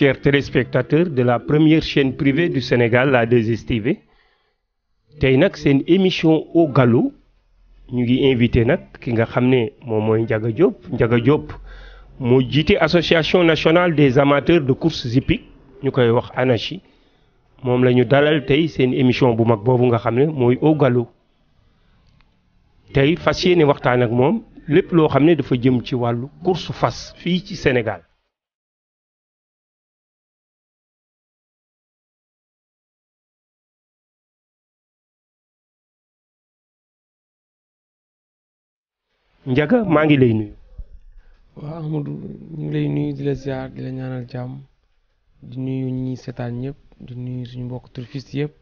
chers téléspectateurs de la première chaine privée du Sénégal la 2STV tey nag seen émission au ñu ngi invité nag ki nga xam ne moom mooy njaga Diop njaga jóop moo jiite association nationale des amateurs de courses hippiques ñu koy wax ANACI moom la ñu dalal tey seen émission bu mag boobu nga xam ne mooy ogalu galop tey fas yéene waxtaan ak moom lépp loo xam ne dafa jëm ci wàllu course fas fii ci Sénégal. Ndiaga maa ngi lay nuyu. waaw ñu ngi lay nuyu di la ziar di la ñaanal jàmm di nuyu ñi seetaan ñëpp di nuyu suñu mbokk turfiste yëpp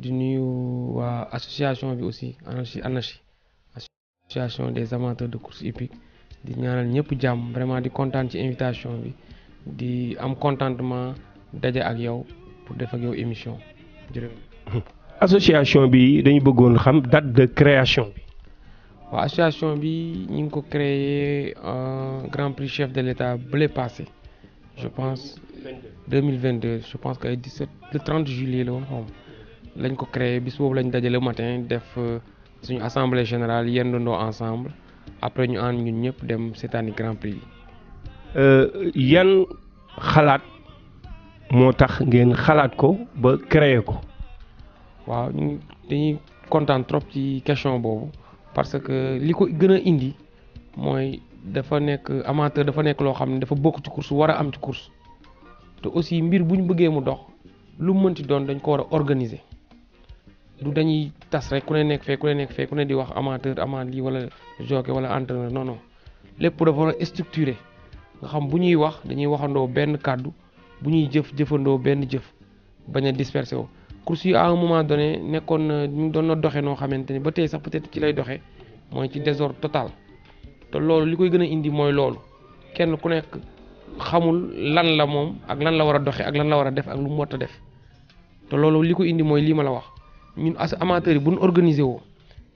di nuyu waa association bi aussi ANACI ANACI association des amateurs de course hippique di ñaanal ñëpp jàmm vraiment di kontaan ci invitation bi di am contentement daje ak yow pour def ak yow émission jërëjëf. association bi dañu bëggoon xam date de création bi. waaw association bi ñu ngi ko créé en euh, grand prix chef de l'État bële passé je pense 2022 je pense que ay 17 le 30 juillet la woon xaw ma lañ ko créer bis boobu lañ dajale matin def euh, suñu assemblée générale yendandoo ensemble après ñu ànd ñun ñëpp dem seetaani grand prix yi. Euh, yan xalaat moo tax ngeen xalaat ko ba créer ko. waaw ñu dañuy kontaan trop ci question boobu. parce que li ko gën a indi mooy dafa nekk amateur dafa nekk loo xam ne dafa bokk ci course war a am ci course te aussi mbir bu ñu bëggee mu dox lu mu mënti doon dañ ko war a organiser du dañuy tas rek ku ne nekk fee ku ne nekk fee ku ne di wax amateur amaat lii wala jockey wala entraîneur noonu lépp dafa war a structuré nga xam bu ñuy wax dañuy waxandoo benn kàddu bu ñuy jëf jëfandoo benn jëf bañ a dispersé wu. course yi à un moment nekkoon na ñu doon na doxe noo xamante ni ba tey sax peut-être ci lay doxe mooy ci désordre total te loolu li koy gën a indi mooy loolu kenn ku nekk xamul lan la moom ak lan la war a doxe ak lan la war a def ak lu mu def te loolu li ko indi mooy lii ma la wax ñun as amateurs yi bu ñu organiser woo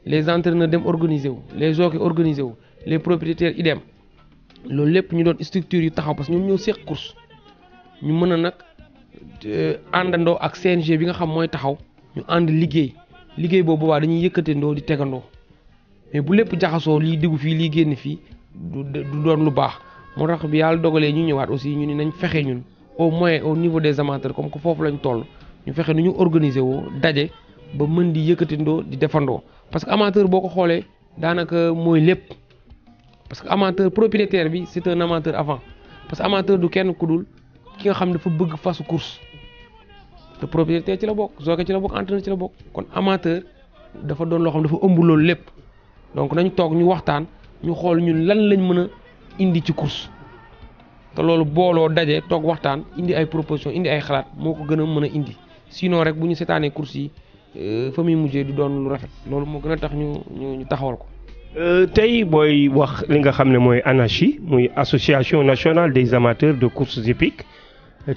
les entraîneurs dem organiser wu les jockeys organiser wu les propriétaires dem loolu lépp ñu doon structure yu taxaw parce que ñoom ñoo seq course ñu mën a nag àndandoo ak CNG bi nga xam mooy taxaw ñu ànd liggéey liggéey boobu waa dañuy yëkkatandoo di tegandoo mais bu lépp jaxasoo lii diggu fii lii génn fii du doon lu baax moo tax bi yàlla dogalee ñu ñëwaat aussi ñu ni nañ fexe ñun au moins au niveau des amateurs comme que foofu lañ toll ñu fexe nu ñu organiser woo daje ba mën di yëkkatindoo di defandoo parce que amateur boo ko xoolee daanaka mooy lépp parce que amateur propriétaire bi c'est un amateur avant parce que amateur du kenn ku dul ki nga xam ne dafa bëgg fasu course te propriétaire ci la bokk Zoka ci la bokk entraîneur ci la bokk kon amateur dafa doon loo xam dafa ëmb loolu lépp donc nañ toog ñu waxtaan ñu xool ñun lan lañ mën a indi ci course te loolu booloo daje toog waxtaan indi ay proposition indi ay xalaat moo ko gën a mën a indi sinon rek bu ñu seetaanee course yi euh, fa muy mujjee di doon lu rafet loolu moo gën a tax ñu ñu taxawal ko. Euh, tey booy wax li nga xam ne mooy ANACI muy association nationale des de courses hippiques.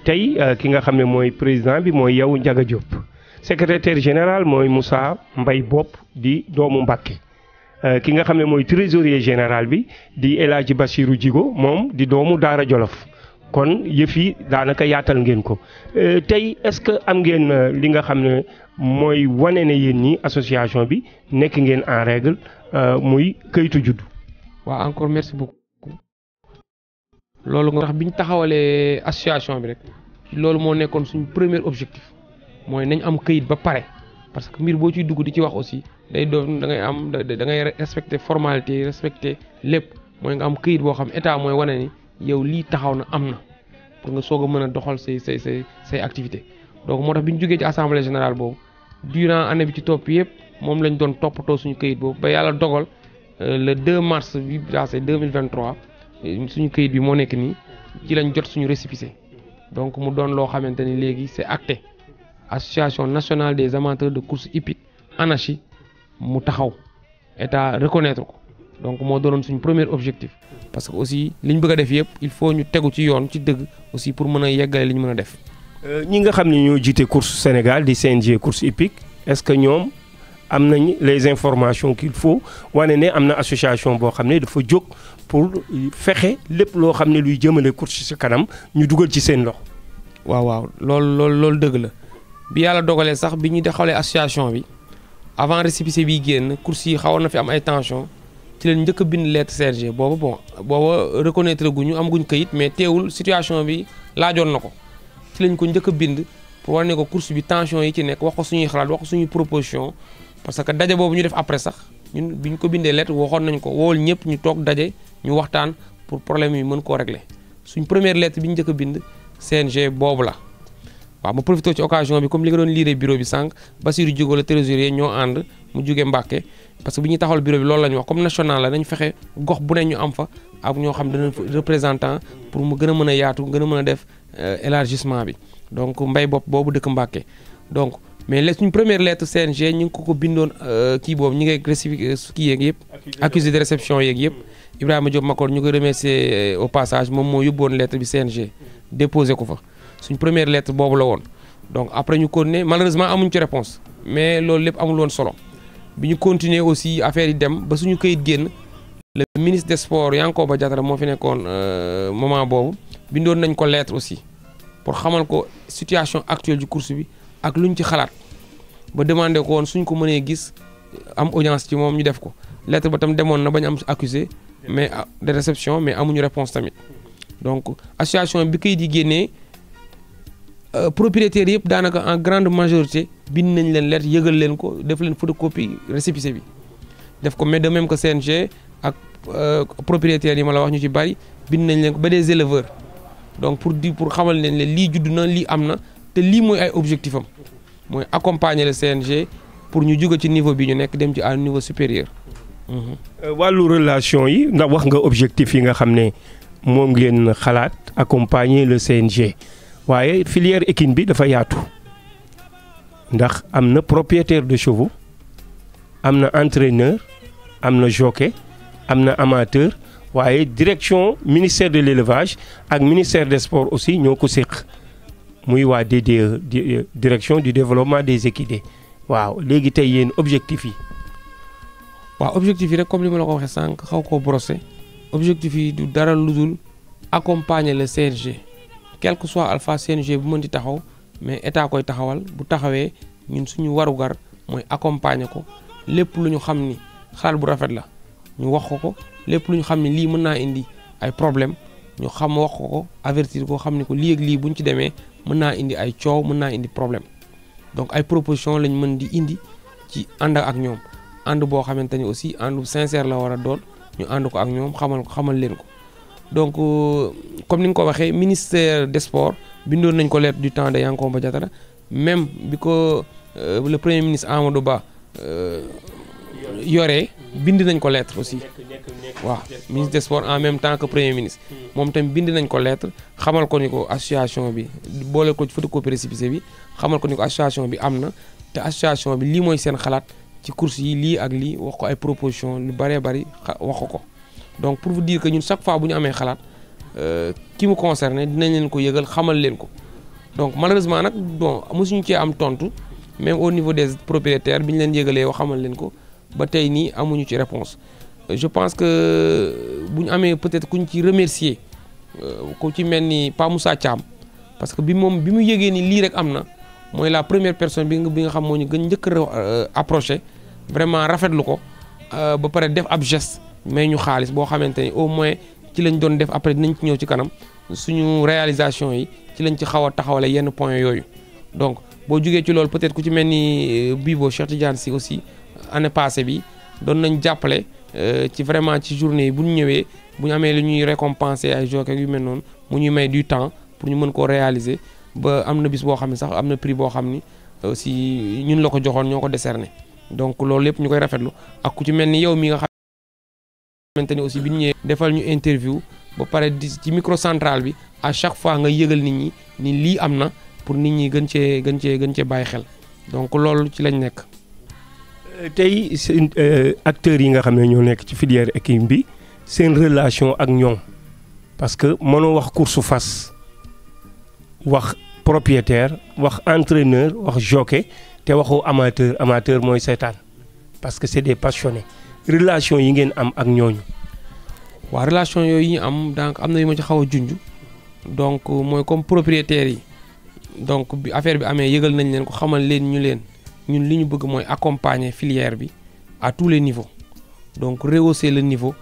tey euh, ki nga xam ne mooy président bi mooy yow Ndiaga Diop secrétaire général mooy Moussa mbay Bopp di doomu Mbàkke euh, ki nga xam ne mooy trésorier général bi di El Hadji Bassirou Djigo moom di doomu Daara Jolof kon yëf yi daanaka yaatal ngeen ko euh, tey est-ce que am ngeen li nga xam ne mooy wane ne yéen ñi association bi nekk ngeen en règle muy këyitu juddu. waaw encore loolu nga tax bi ñu taxawalee association bi rek loolu moo nekkoon suñu première objectif mooy nañ am kayit ba pare parce que mbir boo ciy dugg di ci wax aussi day doon da ngay am da ngay respecté formalité respecté lépp mooy nga am kayit boo xam état mooy wane ni yow lii taxaw na am na pour nga soog a mën a doxal say say say say activité donc moo tax bi ñu jógee ci assemblée général boobu durant année bi ci topp yëpp moom lañ doon toppatoo suñu këyit boobu ba yàlla dogal euh, le 2 mars bi passé 2023 suñu këyit bi moo nekk nii ci lañ jot suñu récépissé donc mu doon loo xamante ni léegi c'est acté association nationale des amateurs de course hippique ANACI mu taxaw état reconnaître ko donc moo doonoon suñu premier objectif. parce que aussi li ñu bëgg def yëpp il faut ñu tegu ci yoon ci dëgg aussi pour mën a yeggale li ñu mën a def. Euh, ñi nga xam ni ñoo jiite course Sénégal di CNG course hippique est-ce que ñoom am nañ les informations qu'il faut wane ne am na association boo xam ne dafa jóg pour fexe lépp loo xam ne luy jëmale course si kanam ñu dugal ci seen loxo. waaw waaw loolu loolu loolu dëgg la bi yàlla dogalee sax bi ñu xoolee association bi avant récépissé bi génn course yi xawoon na fi am ay tension ci leen njëkk a bind lettre CRG booba bon booba reconnaître guñu amaguñ kayit mais teewul situation bi laajoon na ko ci lañ ko njëkk bind pour wane ne ko course bi tension yi ci nekk wax ko suñuy xalaat wax suñuy proposition parce que daje boobu ñu def après sax ñun bi ñu ko bindee lettre waxoon nañ ko wool ñëpp ñu toog daje ñu waxtaan pour problème yi mën koo régler suñ première lettre bi ñu njëkk a bind CNG boobu la. waaw ma profité ci occasion bi comme li nga doon liiree bureau bi sànq Bassirou Diogo la trésorier ñoo ànd mu jóge Mbàkke parce que bi ñuy taxawal bureau bi loolu la ñu wax comme national la nañ fexe gox bu ne ñu am fa ak ñoo xam dana représentant pour mu gën a mën a yaatu gën a mën a def euh, élargissement bi donc mbay bopp boobu dëkk Mbàkke donc mais les suñ première lettre CNG ñu ngi ko ko bindoon euh, kii boobu ñu ngi classifié euh, kii yeeg yëpp. accusé de réception yeeg yëpp. Ibrahima Diop Makor ñu ko remercier euh, au passage moom moo yóbboon lettre bi CNG. déposé ko fa suñ première lettre boobu la woon. donc après ñu continuer malheureusement amuñ ci réponse mais loolu lépp amul woon solo bi ñu continuer aussi affaire yi dem ba suñu këyit génn le ministre des sports ba Diattara moo fi nekkoon moment boobu bindoon nañ ko lettre aussi pour xamal ko situation actuelle du course ak lu luñ ci xalaat ba demandé ko woon suñ ko mënee gis am audience ci moom ñu def ko lettre ba tam demoon na bañ am accuser mais de réception mais amuñu réponse tamit donc association bi kayit yi génnee euh, propriétaires yëpp daanaka en grande majorité bind nañ leen lettre yëgal leen ko def leen photocopie récépissé bi def ko mais de même seen CNG ak euh, propriétaires yi ma la wax ñu ci bari bind nañ leen ko ba des éleveurs donc pour di pour xamal leen ne lii judd na lii am na te lii mooy ay objectif am mooy accompagner le CNG pour ñu jóge ci niveau bi ñu nekk dem ci à niveau supérieur. Mhm. Euh, wàllu relation yi ndax wax nga objectif yi nga xam ne moom ngeen xalaat accompagner le CNG waaye filière équine bi dafa yaatu ndax am na propriétaire de chevaux am na entraîneur am na jockey am na amateur waaye direction ministère de l'élevage ak ministère de sport aussi ñoo ko séq muy waa DDE e, direction du développement des équidés waaw léegi tey yéen objectif yi. waaw objectif yi rek comme li ma la ko waxee sànq xaw ko brosser objectif yi du dara lu dul accompagner le CNG quelque que soit alpha CNG bu mën di taxaw mais état koy taxawal bu taxawee ñun suñu warugar mooy accompagner ko lépp lu ñu xam ni xalaat bu rafet la ñu wax ko ko lépp lu ñu xam ni lii mën naa indi ay problème ñu xam wax ko ko avertir ko xam ni ko lii ak lii bu ci demee mën naa indi ay coow mën naa indi problème donc ay proposition lañ mën di indi ci ànd ak ñoom ànd boo xamante ni aussi àndu sincère la war a doon ñu ànd ko ak ñoom xamal xamal leen ko donc euh, comme ni nga ko waxee ministère des sports bindoon nañ ko leer du temps de Yankoba Diattara même bi ko euh, le premier ministre Amadou Ba euh, yoree bind nañ ko lettre aussi waaw ministre des sports en même temps que premier ministre moom tamit bind nañ ko lettre xamal ko ni ko association bi boole ko ci photocopie récépissé bi xamal ko ni ko association bi am na te association bi lii mooy seen xalaat ci course yi lii ak lii wax ko ay proposition lu bëree bëri wax ko donc pour vous dire ñun chaque fois bu ñu amee xalaat euh, ki mu concerné dinañ leen ko yëgal xamal leen ko donc malheureusement nag bon mosuñu cee am tontu même au niveau des propriétaires bi ñu leen yégalee wa xamal leen ko ba tey nii amuñu ci réponse je pense que euh, bu ñu amee peut-être ku ñu ci remercier euh, ku ci mel ni Pa Moussa Thiam parce que bi moom bi mu yëgee nii lii rek am na mooy la première personne bi nga bi nga xam moo ñu gën njëkk a euh, approché vraiment rafetlu ko ba pare def ab geste may ñu xaalis boo xamante ni au moins ci lañ doon def après dinañ ci ñëw ci kanam suñu réalisation yi ci lañ ci xaw a taxawale yenn point yooyu donc boo jugee ci loolu peut-être ku ci mel ni Bibo Cheikh Tidiane si aussi année passée bi doon nañ jàppale euh, ci vraiment ci journée yi bu ñu ñëwee bu ñu amee lu ñuy récompenser ay jockey yu mel noonu mu ñuy may du temps pour ñu mën koo réaliser ba am na bis boo xam ne sax am na prix boo xam ni aussi ñun la ko joxoon ñoo ko décerné donc loolu lépp ñu koy rafetlu ak ku ci mel ni yow mi nga xamante ni aussi bi ñu ñëwee defal ñu interview ba pare di ci micro central bi à chaque fois nga yëgal nit ñi ni lii am na pour nit ñi gën cee gën cee gën cee bàyyi xel donc loolu ci lañ nekk. tey seen euh, acteurs yi nga xam ne ñoo nekk ci filière équine bi seen relation ak ñoom parce que mënoo wax course fas wax propriétaire wax entraîneur wax jockey te waxu amateur amateur mooy seetaan parce que c'est des passionnés relation yi ngeen am ak ñooñu. waa relation yooyu ñu am donc am na yu ma ci xaw a junj donc euh, mooy comme propriétaire yi donc bi affaire bi amee yëgal nañ leen ko xamal leen ñu leen. ñun li ñu bëgg mooy accompagner filière bi à tous les niveaux donc rehausser le niveau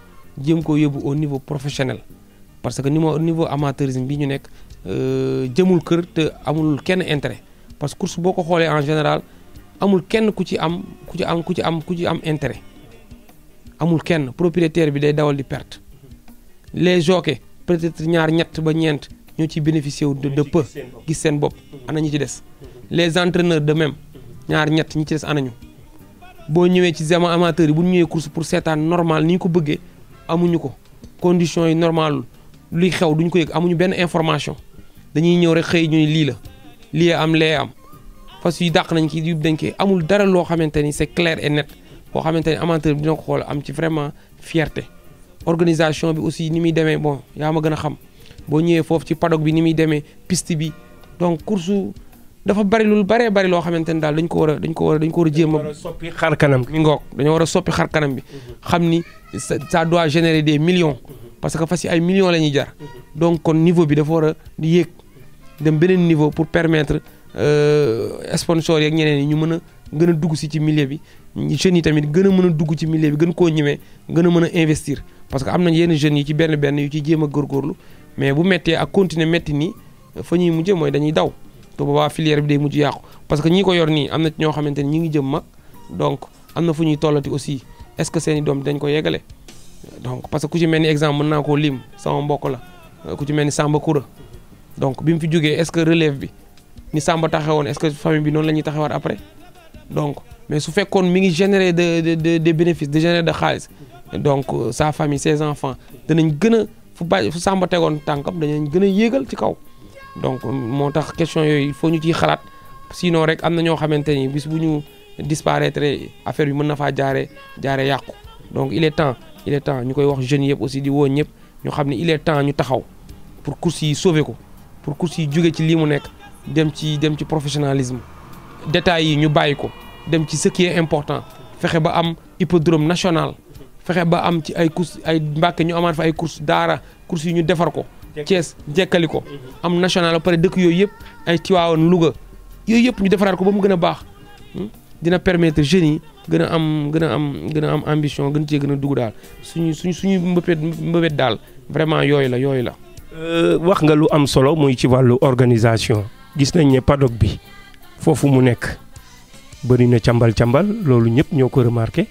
jëm ko yóbbu au niveau professionnel parce que ni ma niveau amateurisme bi ñu nekk euh, jëmul kër te amul kenn intérêt parce que course boo ko xoolee en général amul kenn ku ci am ku ci am ku ci am ku ci am intérêt amul kenn propriétaire bi day dawal di perte les jockeys peut-être ñaar ñett ba ñeent ñoo ci bénéficier wu de gis seen bopp ana ñu ci des les entraîneurs de même ñaar ñett ñi ci des anañu boo ñëwee ci zema amateur yi bu ñu ñëwee course pour seetaan normal ni ñu ko bëggee amuñu ko conditions yi normal luy xew duñ ko yëg amuñu benn information dañuy ñëw rek xëy ñuy lii la lii am lee am fas yu dàq nañ ki yu dañ koy amul dara loo xamante ni c'est clair et net boo xamante ni amateur bi dina ko xool am ci vraiment fierté organisation bi aussi ni muy demee bon yaa ma gën a xam boo ñëwee foofu ci paddock bi ni muy demee piste bi dafa bari lu baree bari loo xamante ne daal dañ ko war a dañ ko war a dañ ko war a jéem a soppi xar kanam mi ngoog dañoo war a soppi xar kanam bi mhm. xam ni ça doit générer des million mhm. parce que fas yi ay millions la ñuy jar mhm. donc kon niveau bi dafa war a yéeg dem beneen niveau pour permettre euh, sponsors yeeg ñeneen yi ñu mën a gën a dugg si ci millier bi ñu jeunes yi tamit gën a mën a dugg ci milieu bi gën koo ñemee gën a mën a investir parce que am na yenn jeunes yi ci benn benn yu ci jéem góorgóorlu mais bu méttee ak continuer métti nii fa ñuy mujjee mooy dañuy daw te boobaa filière bi day mujj yàqu parce que ñi ko yor nii am na ñoo xamante ni ñi ngi jëm mag donc am na fu ñuy tollati aussi est-ce que seeni doom dañ ko yegale donc parce que ku ci mel ni exemple mën naa koo lim sama mbokk la ku ci mel ni Samba Koura donc bi mu fi jógee est-ce que relève bi ni Samba taxewoon est-ce que famille bi noonu lañuy ñuy taxawaat après donc mais su fekkoon mi ngi générer de de de des bénéfices de générer de xaalis donc euh, sa famille ses danañ gën a fu ba Samba tegoon tànkam danañ gën a yéegal ci kaw. donc moo tax question yooyu foo ñu ciy xalaat sinon rek am na ñoo xamante ni bis bu ñu disparaitre affaire bi mën na faa jaare jaare yàqu donc il est temps il est temps ñu koy wax jeunes yëpp aussi di woo ñëpp ñu xam ni il est temps ñu taxaw pour course yi sauver ko pour course yi jóge ci lii mu nekk dem ci dem ci professionnalisme détails yi ñu bàyyi ko dem ci ce important fexe ba am hippodrome national fexe ba am ci ay course ay mbàkk ñu amaat fa ay course daara course yi ñu defar ko Thiès jekkali ko am national ba pare dëkk yooyu yëpp ay Tiwaawan Louga yooyu yëpp ñu defaraat ko ba mu gën a baax hmm? dina permettre jeunes yi gën a am gën a am gën a am ambition gën cee gën a dugg daal suñu suñu suñu mbëbët mbëbët daal vraiment yooyu la yooyu la. Euh, wax nga lu am solo muy ci wàllu organisation gis nañ ne paddock bi foofu mu nekk bëri na càmbal càmbal loolu ñëpp ñoo ko remarqué.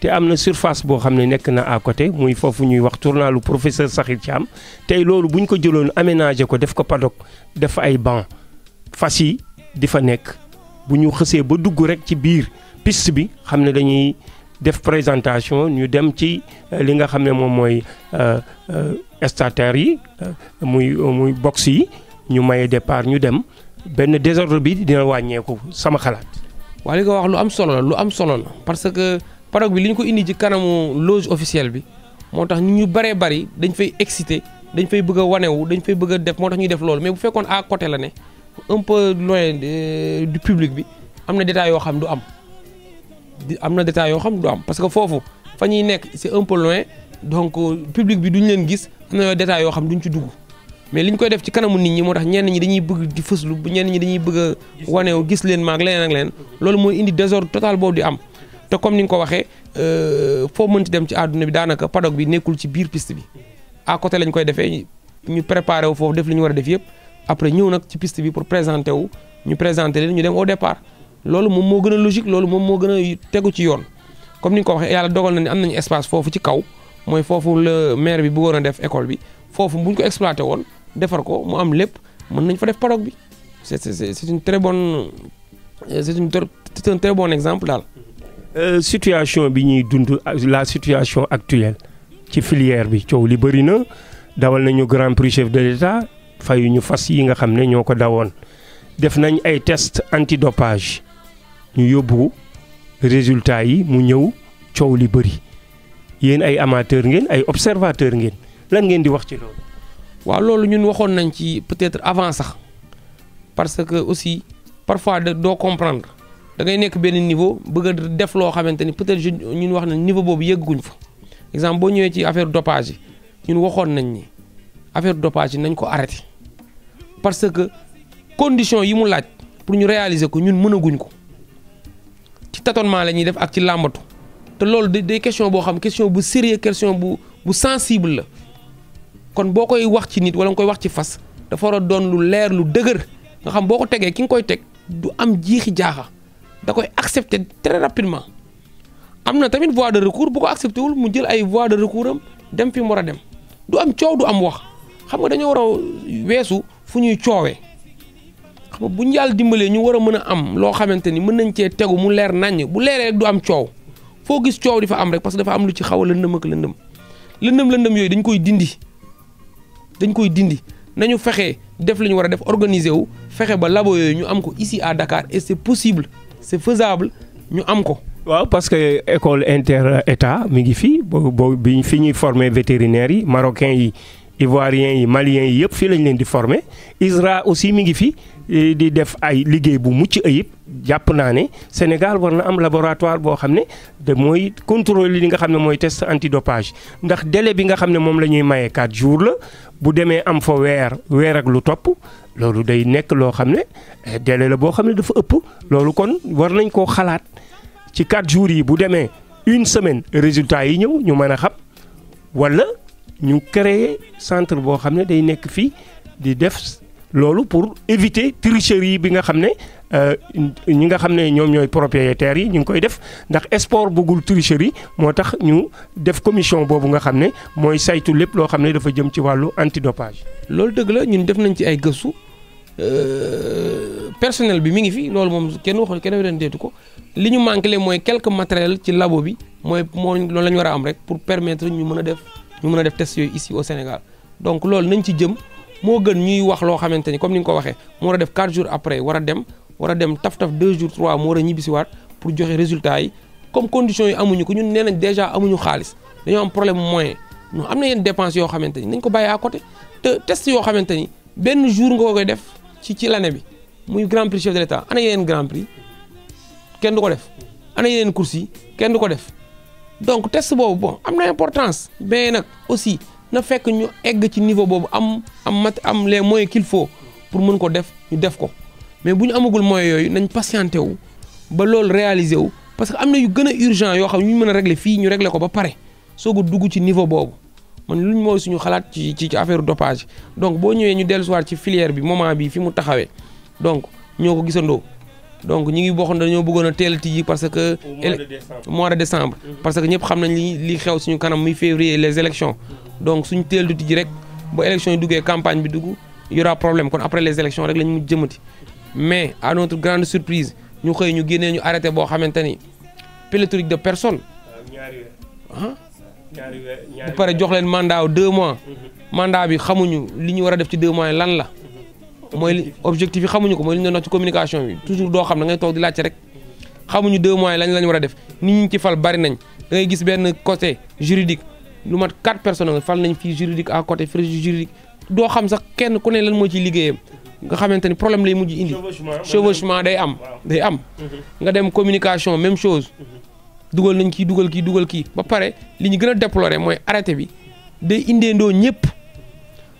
te am na surface boo xam ne nekk na à côté muy foofu ñuy wax tournalu professeur ci am tey loolu bu ñu ko jëloon aménagé ko def ko paddock def ay banc fas yi di fa nekk bu ñu xësee ba dugg rek ci biir pist bi xam ne dañuy def présentation ñu dem ci euh, li nga xam ne moom mooy euh, euh, stataires yi muy muy box yi ñu maye départ ñu dem benn désordre bi dina wàññeeku sama xalaat. waaye li nga wax lu am solo la lu am solo la Paddock bi li ñu ko indi ci kanamu loge officielle bi moo tax ñu bëree bëri dañ fay excité dañ fay bëgg a wanewu dañ fay bëgg a def moo tax ñuy def loolu mais bu fekkoon à côté la ne un peu loin euh, du bi am na détails yoo xam du am am na détails yoo xam du am parce que foofu fa ñuy nekk c'est un peu loin donc euh, public bi duñ leen gis am na yooyu détails yoo ci dugg mais li ñu koy def ci kanamu nit ñi moo tax ñenn ñi dañuy bëgg di fëslu ñenn ñi dañuy bëgg a wanewu gis leen maag leneen ak leneen loolu mooy indi désordre total boobu di am te comme ni nga ko waxee euh, foo mënti dem ci àdduna bi daanaka paddock bi nekkul ci biir piste bi à côté lañ koy defee ñu préparé wu foofu def li ñu war a def yëpp après ñëw nag ci piste bi pour présenter wu ñu présenter leen ñu dem au départ loolu moom moo gën a logique loolu moom moo gën a tegu ci yoon comme ni nga ko waxee yàlla dogal na am nañu espace foofu ci kaw mooy foofu la maire bi bëggoon a def école bi foofu bu ñu ko exploité woon defar ko mu am lépp mën nañ fa def paddock bi c'est c'est c'est une très bonne c'est une c'est bon exemple daal. Euh, situation bi ñuy dund la situation actuelle ci filière bi coow li bëri na dawal nañu grand prix chef de l'État yu ñu fas yi nga xam ne ñoo ko dawoon def nañ ay test antidopage ñu yóbbu résultat yi mu ñëw coow li bëri yéen ay amateur ngeen ay observateur ngeen lan ngeen di wax ci loolu. waaw loolu ñun waxoon nañ ci peut-être avant sax parce que aussi parfois doo comprendre. da ngay nekk benn niveau bëgg def loo xamante ni peut-être ñun wax na niveau boobu yëgguñ fa exemple boo ñëwee ci affaire dopage yi ñun waxoon nañ ni affaire doppage yi nañ ko arrêté parce que condition yi mu laaj pour ñu réaliser ko ñun mënaguñ ko ci tâtonnement la ñuy def ak ci làmbatu te loolu de day question boo xam question bu sérieux question bu bu sensible la kon boo koy wax ci nit wala nga koy wax ci fas dafa war a doon lu leer lu dëgër nga xam boo ko tegee ki nga koy teg du am jiixi jaaxa da koy accepter très rapidement am na tamit voie de recours bu ko accepté wul mu jël ay voie de recours am dem fi mu war a dem du am coow du am wax xam nga dañoo war a weesu fu ñuy coowe xam nga bu ñu dimbalee ñu war a mën a am loo xamante ni mën nañ cee tegu mu leer naññ bu leeree du am coow foo gis coow di fa am rek parce que dafa am lu ci xaw a lëndëm ak lëndëm lëndëm lëndëm yooyu dañ koy dindi dañ koy dindi nañu fexe def li ñu war a def organiser wu fexe ba labo ñu am ko ici à Dakar et possible. c'est faisable ñu am ko. waaw parce que école inter état mi ngi fi boo boo bi fi ñuy former vétérinaires yi marocain yi. ivoiriens yi maliens yi yëpp fii lañ leen di former ISRA aussi mi ngi fi eh, di def ay liggéey bu mucc ayib jàpp naa ne Sénégal war na am laboratoire boo xam ne de mooy contrôler li nga xam ne mooy test antidopage ndax délai bi nga xam ne moom la ñuy maye 4 jours la bu demee am fa weer weer ak lu topp loolu day nekk loo xam ne eh, dele la boo xam ne dafa ëpp loolu kon war nañ koo xalaat ci 4 jours yi bu demee une semaine résultat yi ñëw ñu mën a xam wala. ñu créer centre boo xam ne day nekk fii di def loolu pour éviter tricherie bi nga xam ne euh, ñi nga xam ne ñoom ñooy propriétaires yi ñu ngi koy def ndax sport bëggul tricherie moo tax ñu def commission boobu nga xam ne mooy saytu lépp loo xam ne dafa jëm ci wàllu antidopage. loolu dëgg la ñun def nañ ci ay gëstu euh, personnel bi mu ngi fii loolu moom kenn waxul kenn ren deetu ko li ñu manqué mooy quelque matériel ci labo bi mooy moo loolu la ñu war a am rek pour permettre ñu mën a def. ñu mën a def test yooyu ici au Sénégal donc loolu nañ ci jëm moo gën ñuy wax loo xamante ni comme ni nga ko waxee mu war a def 4 jours après war a dem war a dem taf-taf 2 jours 3 mu war a ñibbisiwaat pour joxe résultat yi comme condition yi amuñu ko ñun nee nañ déjà amuñu xaalis dañoo am problème moyen ñu am na yenn dépense yoo xamante ni nañ ko bàyyi à côté test yoo xamante ni benn jour nga koy def ci ci l'année bi muy grand prix chef de l'État ana yeneen du ko def ana yeneen course yi kenn du ko def donc test boobu bon am na importance mais nag aussi na fekk ñu egg ci niveau boobu am am mat am les moyens qu'il faut pour mën ko def ñu def ko mais bu ñu amagul moyens yooyu nañ patienté wu ba loolu réaliser wu parce que am na yu gën a urgent yoo xam ñu mën a régler fii ñu regle ko ba pare soog a dugg ci niveau boobu man ñu mooy suñu xalaat ci ci affaire dopage donc boo ñëwee ñu dellusiwaat ci filière bi moment bi fi mu taxawee donc ñoo ko gisandoo. donc ñi ngi waxoon dañoo bëggoon a teel a tijji parce que. mois de décembre mhm. parce que ñëpp xam nañ li li xew suñu kanam muy février les élections mhm. donc suñu teel du tijji rek ba élection yi duggee campagne bi dugg y aura problème kon après les élections rek lañ mu jëmati. mais à notre grande surprise ñu xëy ñu génnee ñu arrêté boo xamante ni pléthorique de personne. Euh, ah. bu pare jox leen mandat wu deux mois. Mhm. mandat bi xamuñu li ñu war a def ci deux mois lan la. mooy li objectif yi xamuñu ko mooy li ñu doon communication bi toujours doo xam da ngay toog di laajte rek xamuñu deux mois yi lañ lañ war a def nit ñi ci fal bari nañ da gis benn côté juridique lu mat quatre personne fal nañ fii juridique à côté frais juridique doo xam sax kenn ku ne lan moo ciy liggéeyam nga xamante ni problème lay mujj indi chevauchement day am day am mhm. nga dem communication même chose mhm. dugal nañ kii dugal kii dugal kii ba pare li ñu gën a déplorer mooy arrêté bi day indeendoo ñëpp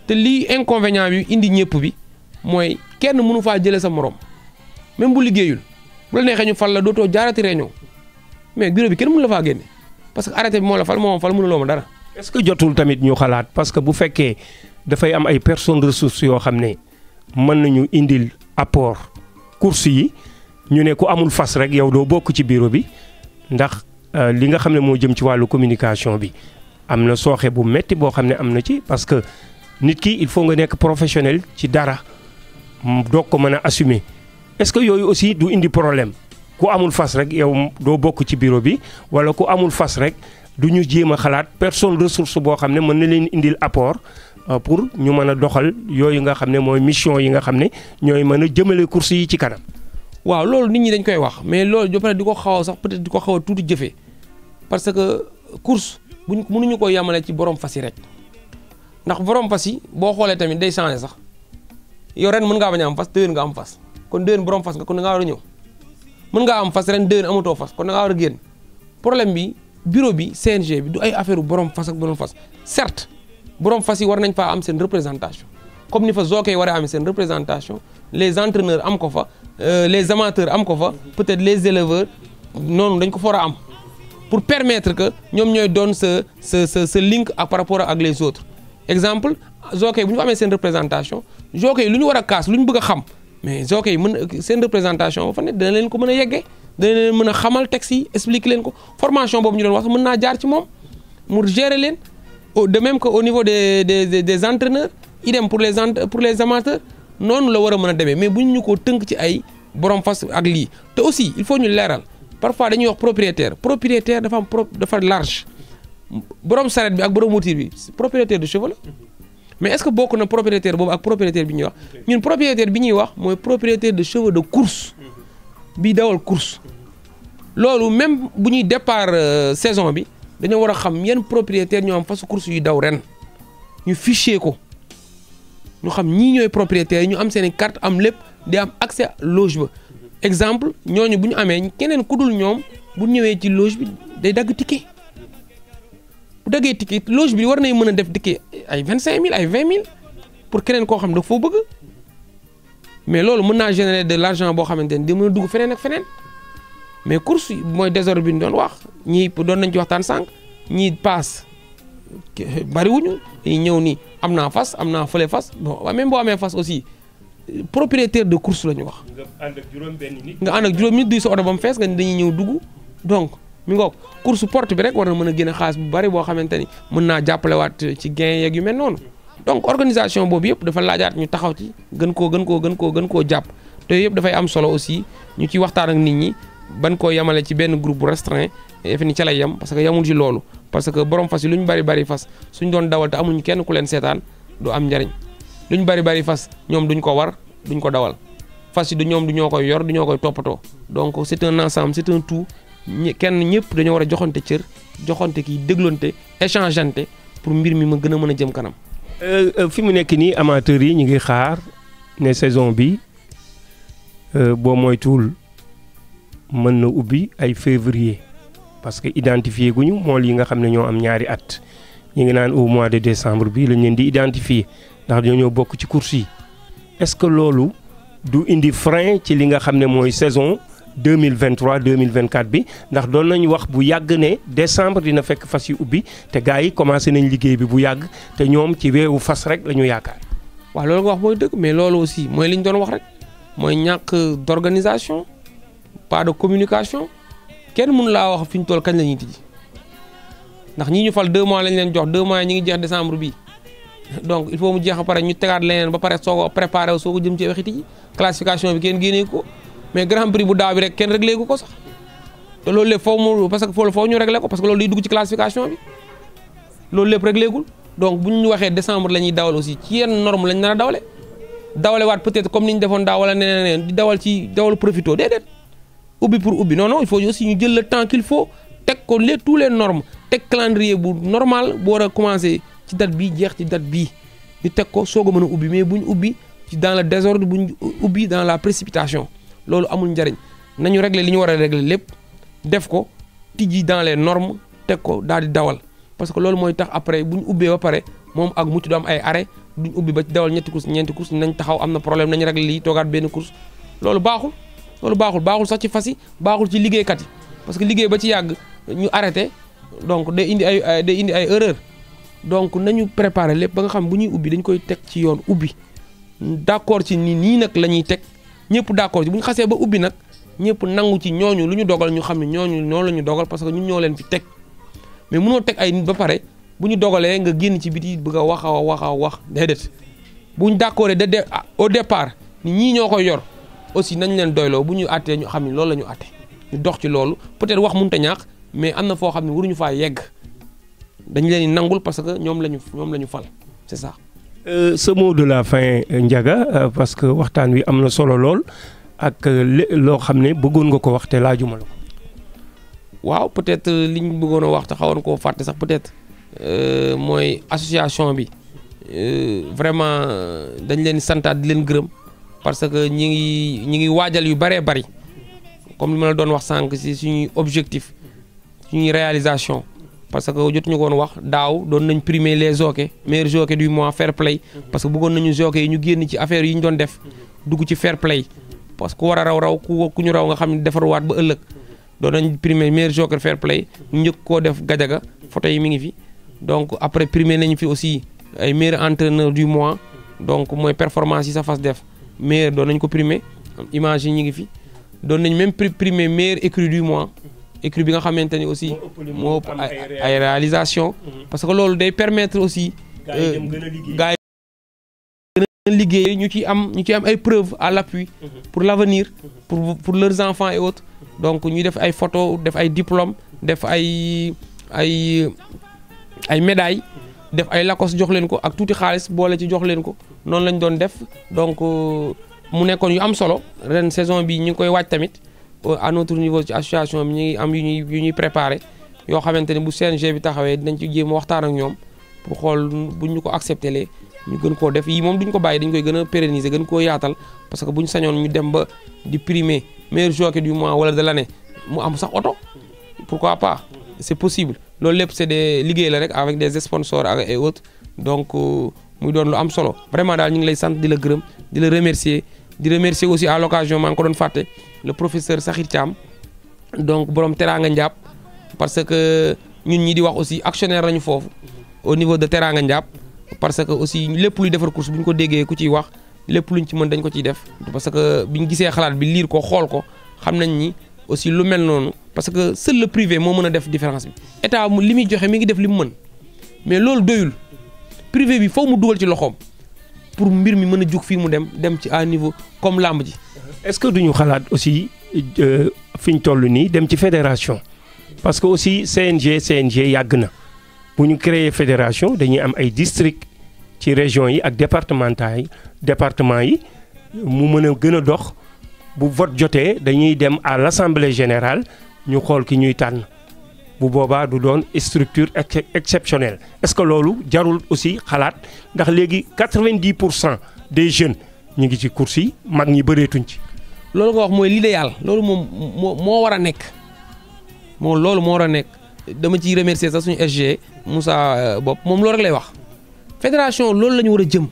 te lii inconvénient bi indi ñëpp bi mooy kenn mënu faa jëlee sa morom même bu liggéeyul bu la neexee ñu fal la dootoo jaarati réunion mais bureau bi kenn mënu la faa génne parce que arrêté bi moo la fal moo fal mënuloo ma dara. est-ce que jotul tamit ñu xalaat parce que bu fekkee dafay am ay personnes ressources yoo xam ne mën nañu indil apport course yi ñu ne ku amul fas rek yow doo bokk ci bureau bi ndax euh, li nga xam ne moo jëm ci wàllu communication bi am na sooxe bu metti boo xam ne am na ci parce que nit ki faut nga nekk professionnel ci dara. doo ko mën a assumer est-ce que yooyu aussi du indi problème ku amul fas rek yow doo bokk ci bureau bi wala ku amul fas rek du ñu jéem a xalaat personne ressource boo xam ne mën na leen indil apport euh, pour ñu mën a doxal yooyu nga xam ne mooy mission yi nga xam ne ñooy mën a jëmale course yi ci kanam. waaw loolu nit ñi dañ koy wax mais loolu ba pare di ko xaw a sax peut-être di ko xaw a tuuti jëfee parce que course buñ mënuñu ko yemale ci borom fas yi rek ndax borom fas yi boo xoolee tamit day changé sax. yow ren mën ngaa bañ a am fas déwén nga am fas kon déwén borom fas nga kon da ngaa a ñëw mën nga am fas ren déwén amatoo fas kon da ngaa war a génn problème bi bureau bi CNG bi du ay affaire borom fas ak borom fas certes borom fas yi war nañ faa am seen représentation comme ni fa zooke war a am seen représentation les entraîneurs am ko fa euh, les amateurs am ko fa peut-être les éleveurs noonu dañ ko fa war a am pour permettre que ñoom ñooy doon sa sa sa sa link par rapport ak les autres exemple Zoké bu ñu amee seen représentation Zoké lu ñu war a kaas lu ñu bëgg xam mais Zoké mën seen représentation ba fa ne dana leen ko mën a yeggee dana leen mën a xamal texte yi expliquer leen ko formation boobu ñu doon wax mën naa jaar ci moom mu gérer leen de même ko au niveau des des des entraîneurs idem pour les pour les amateurs noonu la war a mën a demee mais bu ñu ko tënk ci ay borom fas ak lii te aussi il faut ñu leeral parfois dañuy wax propriétaire propriétaire dafa am pro dafa large borom saret bi ak borom motir bi propriétaire du cheval la mais est-ce que bokk na propriétaire boobu ak propriétaire bi ñuy wax ñun propriétaire bi ñuy wax mooy propriétaire de chevaux de course bi dawal course loolu même bu ñuy départ euh, saison bi dañoo war a xam yan propriétaire ñoo am fasu course yu daw ren ñu fiché ko ñu xam ñii ñooy propriétaire yi ñu am seen i carte am lépp di am accès loge ba exemple ñooñu bu ñu amee keneen ku dul ñoom bu ñëwee ci loge bi day dagg ticket bu daggee ticket loge bi war nay mën a def dikkee ay vingt cinq mille ay vingt mille pour keneen koo xam ne foo bëgg mais loolu mën naa générer de l' argent boo xamante ne di mën a dugg feneen ak feneen mais course yi mooy désordre bi ñu doon wax ñii doon nañ ci waxtaan sànq ñii paas bariwuñu dañuy ñëw nii am naa fas am naa fële fas bon boo amee fas aussi propriétaire de course la ñu wax. nga ànd ak juróom benn nit. nga ànd ak juróom duy sa oto ba mu fees nga ni dañuy ñëw dugg donc. mi ngoog course porte bi rek war na mën a génne xaalis bu bari boo xamante ni mën naa jàppalewaat ci gain yeeg yu mel noonu donc organisation boobu yëpp dafa laajaat ñu taxaw ci gën koo gën koo gën koo gën koo jàpp te yëpp dafay am solo aussi ñu ci waxtaan ak nit ñi ban koo yemale ci benn groupe bu restreint defe ni ca lay yem parce que yemul ci loolu parce que borom fas yi lu ñu bari bari fas suñ doon dawal te amuñ kenn ku leen seetaan du am njariñ lu ñu bari bari fas ñoom duñ ko war duñ ko dawal fas yi du ñoom du ñoo koy yor du ñoo koy toppatoo donc c'est un ensemble kenn ñëpp dañoo war a joxante cër joxante kii déglonte échangeante pour mbir mi ma gën a mën a jëm kanam. Euh, euh, fi mu nekk nii amateurs yi ñu ngi xaar ne saison bi euh, boo moytuwul mën na ubbi ay février parce que identifier guñu mool yi nga xam ne ñoo am ñaari at ñu ngi naan au mois de décembre bii lañ leen di identifier ndax dañoo bokk ci course yi est-ce que loolu du indi frain ci li nga xam ne mooy saison. 2023 2024 bi ndax doon nañu wax bu yàgg ne décembre dina fekk fas yu ubbi te gars yi commencé nañ liggéey bi bu yàgg te ñoom ci weewu fas rek la ñu yaakaar. waaw loolu nga wax mooy dëgg mais loolu aussi mooy li ñu doon wax rek mooy ñàkk d'organisation pas de communication kenn mënu laa wax fi ñu toll kañ la ñuy tijji ndax ñii ñu fal deux mois lañ leen jox deux mois ñu ngi jeex décembre bi donc il faut mu jeex a pare ñu tegaat leneen ba pare soo ko préparé soo ko ci waxi tijji classification bi kenn génnee ko. mais grand prix bu daaw bi rek kenn réglé gu ko sax te loolu lépp foofu mu parce que foofu ñu réglé ko parce que loolu day dugg ci classification bi loolu lépp réglé gul donc bu ñu waxee décembre lañuy dawal aussi ci yenn norme la ñu dawale dawale waat peut-être comme ni ñu defoon daaw wala neneen di dawal ci dawal profito déedéet ubbi pour ubbi non non il faut aussi ñu jël le temps qu'il faut teg ko les tous les normes teg calendrier bu normal bu war a commencer ci date bi jeex ci date bii ñu teg ko soog mën a ubbi mais bu ñu ubbi dans le désordre bu ñu dans la précipitation loolu amul njariñ nañu régler li ñu war a régler lépp def ko tijji dans les normes teg ko daal dawal parce que loolu mooy tax après bu ñu ubbee ba pare moom ak mucc du am ay arrêt duñ ubbi ba ci dawal ñetti course ñeenti course nañ taxaw am na problème nañu régler lii toogaat benn course loolu baaxul loolu baaxul baaxul sax ci fas yi baaxul ci liggéeykat yi parce que liggéey ba ci yàgg ñu arrêté donc day indi ay day indi ay erreur donc nañu préparer lépp ba nga xam bu ñuy ubbi dañ koy teg ci yoon ubbi d'accord ci ni nii nag la ñuy teg ñëpp d'accord ci bu ñu xasee ba ubbi nag ñëpp nangu ci ñooñu lu ñu dogal ñu xam ne ñooñu ñoo lañu dogal parce que ñu ñoo leen fi teg mais mënoo teg ay nit ba pare bu ñu dogalee nga génn ci biti bëgg a wax a wax a wax déedéet bu ñu d'accord de au départ ni ñii ñoo koy yor aussi nañ leen doyloo bu ñu àttee ñu xam ne loolu lañu ñu àtte ñu dox ci loolu peut-être wax mënut a ñaax mais am na foo xam ne waruñu faa yegg dañ leen di nangul parce que ñoom la ñu ñoom la ñu fal c'est Euh, ce mot de la fin euh, Ndiaga euh, parce que waxtaan wi am na solo lool ak loo xam ne bëggoon nga ko wax te laajuma la waaw peut-être li ñu bëggoon a wax te xawoon koo fàtte sax peut-être mooy association bi vraiment dañ leen santaat di leen gërëm parce que ñi ngi ñi ngi waajal yu bëree bëri comme li ma la doon wax sànq si suñuy objectif suñuy réalisation. parce que jotuñu ko wax daaw doon nañ primer les jockeys meilleur jockey du mois fair play parce que bëggoon nañu jockey yi ñu génn ci affaire yi ñu doon def dugg ci fair play parce que ku war a raw raw ku ñu raw nga xam ne defaruwaat ba ëllëg doon nañ primer meilleur jockey fair play njëkk koo def gajaga photo yi mi ngi fi donc après primer nañu fi aussi ay meilleur entraîneur du mois donc mooy performance yi sa fas def meilleur doon nañ ko primer image yi ñu ngi fi doon nañ même primer meilleur écurie mois écrit bi nga xamante ni aussi moo ëpp ay réalisation mm-hmm. parce que loolu day permettre aussi gars yi euh, gën a ñu ci am ñu ci am ay preuve à l'appui mm-hmm. pour l'avenir mm-hmm. pour pour leurs enfants et autres donc ñu def ay photo def ay diplôme def ay ay ay médailles def ay lakos jox leen ko ak tuuti xaalis boole ci jox leen ko noonu lañ doon def donc euh, mu nekkoon yu am solo ren saison bi ñu ngi koy waaj tamit à notre niveau ci association bi ñu ngi am yu ñuy yu ñuy yoo xamante ne bu CNG bi taxawee dinañ ci jéem waxtaan ak ñoom xool buñ ñu ko accepté lee ñu gën koo def yii moom duñ ko bàyyi dañ koy gën a pérenniser gën koo yaatal parce que buñ sañoon ñu dem ba di primer meilleur jockey du mois wala de l'année mu am sax oto pourquoi pas c'est possible loolu lépp c'est des liggéey la rek avec des sponsors ak et autres donc euh, muy doon lu am solo vraiment daal ñu ngi lay sant di la gërëm di la remercier di remercier aussi à l'occasion maa ngi ko doon fàtte le professeur Sakhir Thiam donc borom Teranga Ndiap parce que ñun ñi di wax aussi actionnaire lañu foofu au niveau de Teranga Ndiap parce que aussi lépp luy defar course bu ñu ko déggee ku ciy wax lépp luñ ci mën dañ ko ciy def parce que biñ gisee xalaat bi liir ko xool ko xam nañ ñi aussi lu mel noonu parce que seul le privé moo mën a def différence bi état li muy joxe mi ngi def li mu mën mais loolu doyul privé bi foofu mu dugal ci loxoom. pour mbir mi mën a jug fii mu dem dem ci à niveau comme làmb ji. est-ce que duñu xalaat aussi euh, fi ñu toll nii dem ci fédération parce que aussi CNG CNG yàgg na bu ñu créer fédération dañuy am ay districts ci régions yi ak départementat yi département yi mu mën a gën a dox bu vote jotee dañuy dem à l'assemblée générale ñu xool ki ñuy tànn. bu boobaa du doon structure ex exceptionnelle est-ce que loolu jarul aussi xalaat ndax léegi 90 pour cent des jeunes ñu ngi ci course yi mag ñi bëreetuñ ci. loolu nga wax mooy l'idéal loolu moom moo moo war a nekk moom loolu moo war a nekk dama ciy remercier sax suñu SG musaa euh, Bopp moom loolu rek lay wax fédération loolu la ñu war a jëm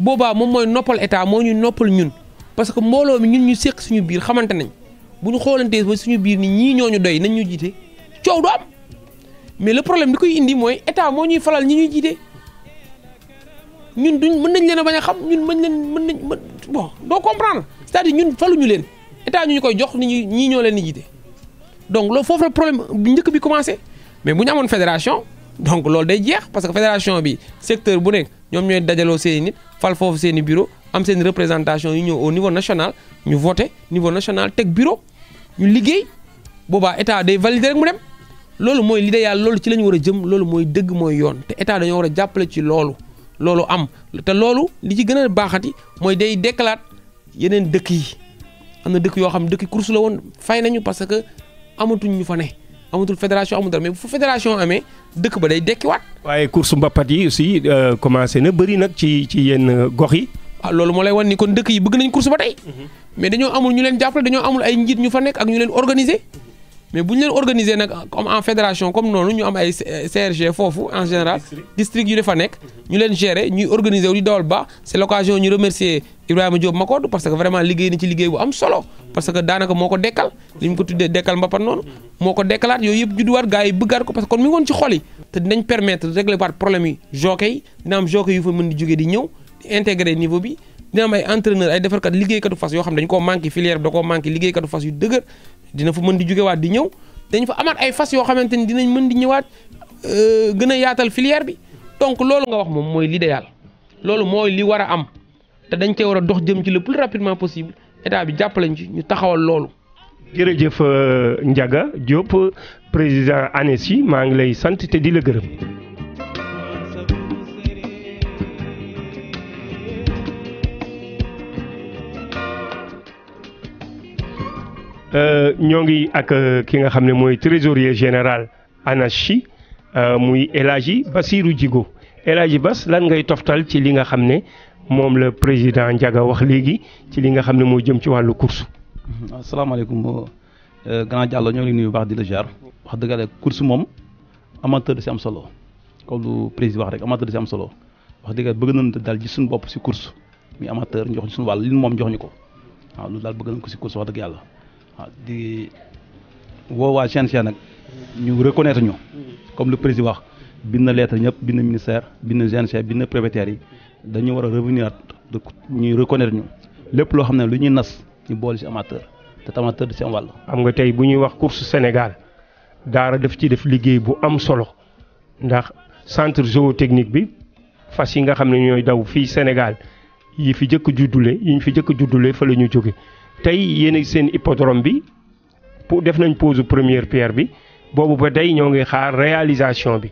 boobaa moom mooy noppal état moo ñuy noppal ñun parce que mbooloo mi ñun ñu séq suñu biir xamante nañ bu ñu xoolantee ba suñu biir ni ñii ñoo ñu nañ ñu jiite. coow du am mais le problème di koy indi mooy état moo ñuy falal ñi ñuy jiite ñun duñ mën nañ leen a bañ a xam ñun mën leen mën nañ bon doo comprendre cest à ñun faluñu leen état ñu ñu koy jox ni ñuy ñii ñoo leen di jiite donc loolu foofu la problème bu njëkk bi commencé mais bu ñu amoon fédération donc loolu day jeex parce que fédération bi secteur bu nekk ñoom ñooy dajaloo seen i nit fal foofu seen i bureau am seeni représentation yu ñëw au niveau national ñu voté niveau national teg bureau ñu liggéey boobaa état day valider mu dem. loolu mooy l'idéal loolu ci lañu war a jëm loolu mooy dëgg mooy yoon te état dañoo war a jàppale ci loolu loolu am te loolu li ci gën a baaxati mooy day dekkalaat yeneen dëkk yi am na dëkk yoo xam dëkk course la woon fay nañu parce que amatuñ ñu fa ne amatul fédération amul dara mais bu amee dëkk ba dey dekkiwaat. waaye course mbappat yi aussi euh, commencé na bëri nag ci ci yenn gox yi. ah loolu moo lay wan ni kon dëkk yi bëgg nañ course ba tey. Mhm. mais dañoo amul ñu leen jàppale dañoo amul ay njiit ñu fa nekk ak ñu leen organiser. mais bu ñu leen organiser nag comme en fédération comme noonu ñu am ay CRG foofu en général district yu dafa nekk mhm. ñu leen gérer ñuy organiser wu di dawal ba c'est l'occasion ñu remercier Ibrahima Diop Makodou parce que vraiment liggéey na ci liggéey bu am solo parce que daanaka moo ko dekkal li ñu ko tuddee dekkal mhm. ko dekkalaat yooyu yëpp judduwaat gars yi bëggaat ko parce que kon mi ngi woon ci xol yi te dinañ permettre régler waat problème yi jockey yi dina am jockey yu fa mën di jógee di ñëw di intégrer niveau bi dina am ay entraîneur ay defarkat liggéeykatu fas yoo xam dina fa mën di jugewaat di ñëw dañ fa amaat ay fas yoo xamante ni dinañ mën di ñëwaat euh, gën a yaatal filière bi donc loolu nga wax moom mooy l'idéal loolu mooy li war a am te dañ koy war a dox jëm ci le plus rapidement possible état bi jàppalañ ci ñu taxawal loolu. jërëjëf euh, njaga Diop président ANESI maa ngi lay sant te di la gërëm. Euh, ñoo ngi ak euh, ki nga xam ne mooy trésorier général ANACIM euh, muy El Hadji Bassirou Djigo El Hadji Bass lan ngay toftal ci li nga xam ne moom la président Ndiaga wax léegi ci li nga xam ne moo jëm ci wàllu course. Mm-hmm. asalaamaaleykum grand Diallo ñoo ngi nuyu baax di la jaar wax dëgg yàlla course moom amateur si am solo comme lu président wax rek amateur si am solo wax dëgg bëgg nañu daal gis suñu bopp si course muy amateur ñu jox ñu wàll li moom jox ñu ko waaw daal bëgg ko si course dëgg yàlla. Ah, di woo waa CNG nag ñu reconnaître ñu comme le président wax bind na lettre ñëpp bind ministère bind CNG bind préfecture yi dañu war a revenir at ñuy reconnaître ñu lépp loo xam ne lu ñuy nas ñu boole ci amateur te amateur di seen wàll. xam nga tey bu ñuy wax course Sénégal daara daf ci def liggéey bu am solo ndax centre zootechnique bi fas yi nga xam ne ñooy daw fii Sénégal yi fi jëkk juddule yi ñu fi jëkk juddule fa la ñu jóge tey yéen a seen hippodrome bi pour def nañ pose première pierre bi boobu ba dey ñoo ngi xaar réalisation bi.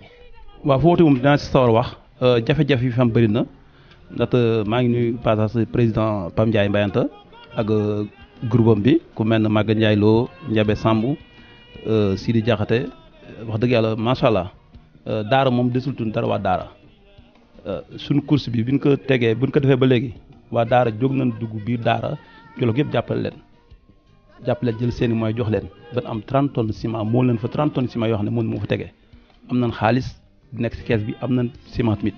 waaw foofu moom dinaa si sawar wax euh, jafe-jafe yi fam bëri na ndaxte euh, maa ngi nuy passage président Pam Ndiaye Mbayanta ak euh, groupe bi ku mel ne Maguette Ndiaye Lo Ndiabe Samb Sidi Diakhaté wax dëgg yàlla macha allah daara moom desul tun dara waa daara suñu course bi bi ñu ko tegee bu ñu ko defee ba léegi waa daara jóg nañ dugg biir daara. jolof yëpp jàppale leen jàppale jël seen mooy jox leen ban am 30 tonnes ciment moo leen fa 30 ton ciment yoo xam ne moom moo fa tege am nañ xaalis nekk si kees bi am nañ ciment tamit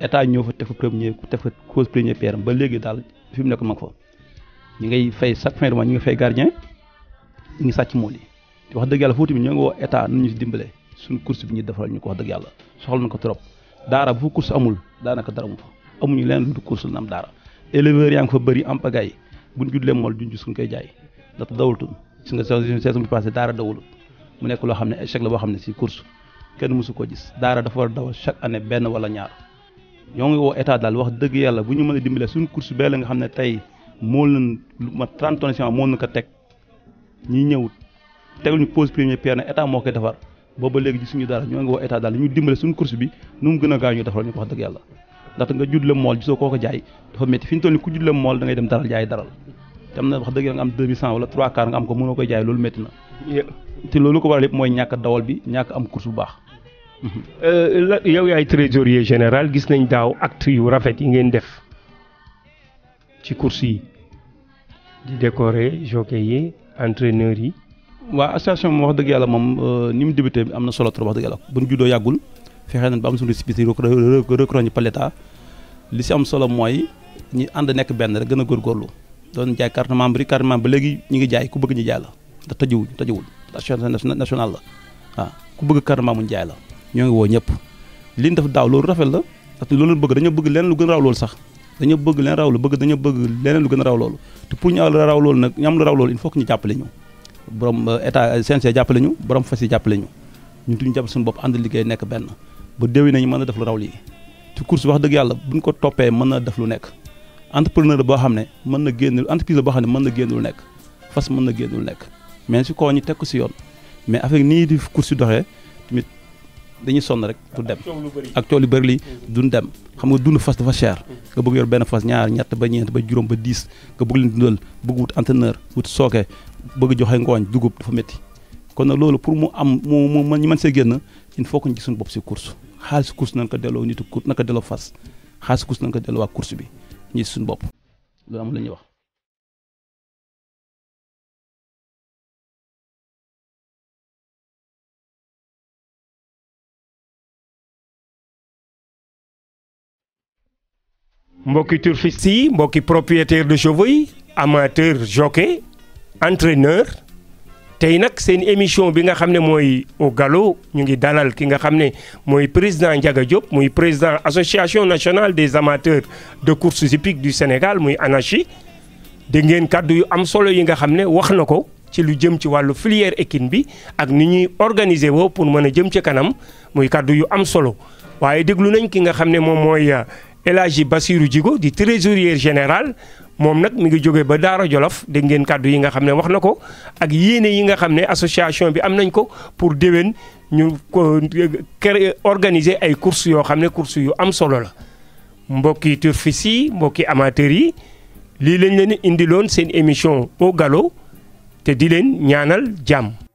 état ñëw fa teg fa premier teg fa cause premier pierre ba léegi daal fi mu nekk mag fa ñi ngay fay chaque fin de mois ñi nga fay gardien ñi ngi sàcc mool yi te wax dëgg yàlla foofu tamit ñoo ngi woo état nañu si dimbale suñ course bi ñu defaral ñu ko wax dëgg yàlla soxla na ko trop daara bu fa course amul daanaka dara mu fa leen lu du course na am daara éleveurs yaa ngi fa bëri am pagaille buñ judlee mool duñ gis suñ koy jaay ndax dawultun gis nga saison bi passé daara dawul mu nekk loo xam ne échec la boo xam ne si course kenn mësu koo gis daara dafa war a dawal chaque année benn wala ñaar ñoo ngi woo état daal wax dëgg yàlla bu ñu mën a dimbalee suñ course bee la nga xam ne tey mool nañ lu ma 30 tonnes ciment na ko teg ñi ñëw tegul ñu pose première pierre ne état moo koy defar booba léegi gisuñu dara ñoo ngi woo état daal ñu dimbale suñ course bi nu mu gën a gaaw ñu wax dëgg yàlla ndaxte nga judd la mool gisoo koo ko jaay dafa métti fi ñu toll ni ku judd la mool da ngay dem daral jaay daral te am na wax dëgg nga am 200 wala 3 quarts nga am ko mënoo koy jaay loolu métti na te loolu ko waral yëpp mooy ñàkk dawal bi ñàkk am course bu baax euh, yow yaay trésorier général gis nañ daaw acte yu rafet yi ngeen def ci course yi di décorer jockey yi entraîneurs yi waaw association moom wax dëgg yàlla moom euh, ni mu débuté am na solo trop wax dëgg yàlla bu ñu juddoo yàggul fexe nañ ba am suñu récépissé reconnu par li si am solo mooy ñu ànd nekk benn rek gën a góorgóorlu doon jaay carte membre yi carte ba léegi ñu ngi jaay ku bëgg ñu jaay la ndax tëjuwul tëjuwul assurance nationale la waaw ku bëgg carte membre ñu jaay la ñoo ngi woo ñëpp li ñu def daaw loolu rafet la parce que loolu bëgg dañoo bëgg leneen lu gën a loolu sax dañoo bëgg leen bëgg dañoo bëgg leneen lu gën a raw loolu te pour ñu am raw loolu nag ñu am lu raw loolu il faut que ñu jàppale ñu borom euh, état euh, CNC jàppale ñu borom fas yi jàppale ñu ñun duñu jàpp suñu bopp ànd liggéey nekk benn ba déwén nañu mën a def lu raw lii ci course wax dëgg yàlla buñ ko toppee mën na def lu nekk entrepreneur boo xam ne mën na génn entreprise boo xam ne mën na génn lu nekk fas mën na génn lu nekk mais si koo ñi teg si yoon mais avec nii di course yi doxee tamit dañuy sonn rek du dem ak coow lu bëri lii mm. duñ dem xam nga dund fas dafa cher nga bëgg yor benn fas ñaar ñett ba ñeent ba juróom ba dix nga bëgg leen dundal bëgg wut entraîneur wut sooke bëgg joxe ngooñ dugub dafa métti kon nag loolu pour mu am mu mu mën see génn il faut que ñu suñu bopp si course xaalis course nañ ko delloo nitu course naka delloo fas xaalis course nañ ko delloo waa course bi ñu suñ bopp mbokki turfiste yi mbokki propriétaire de chevaux yi amateur jockey entraîneur tey nag seen émission bi nga xam ne mooy au ñu ngi dalal ki nga xam ne mooy président Ndiaga Diop muy président association nationale des amateurs de courses hippiques du Sénégal muy ANACI dégg ngeen kàddu yu am solo yi nga xam ne wax na ko ci lu jëm ci wàllu filière équine bi ak ni ñuy organiser woo pour mën a jëm ci kanam muy kàddu yu am solo waaye déglu nañ ki nga xam ne moom mooy El Hadji Bassirou Djigo di trésorier général moom nag mi ngi jóge ba Daara Jolof dégg ngeen kàddu yi nga xam ne wax na ko ak yéene yi nga xam ne association bi am nañ ko pour déwén ñu ko organiser ay courses yoo xam ne courses yu am solo la. mbokki turfis yi mbokki amateurs yi lii lañ leen indiloon seen émission au galop te di leen ñaanal jàmm.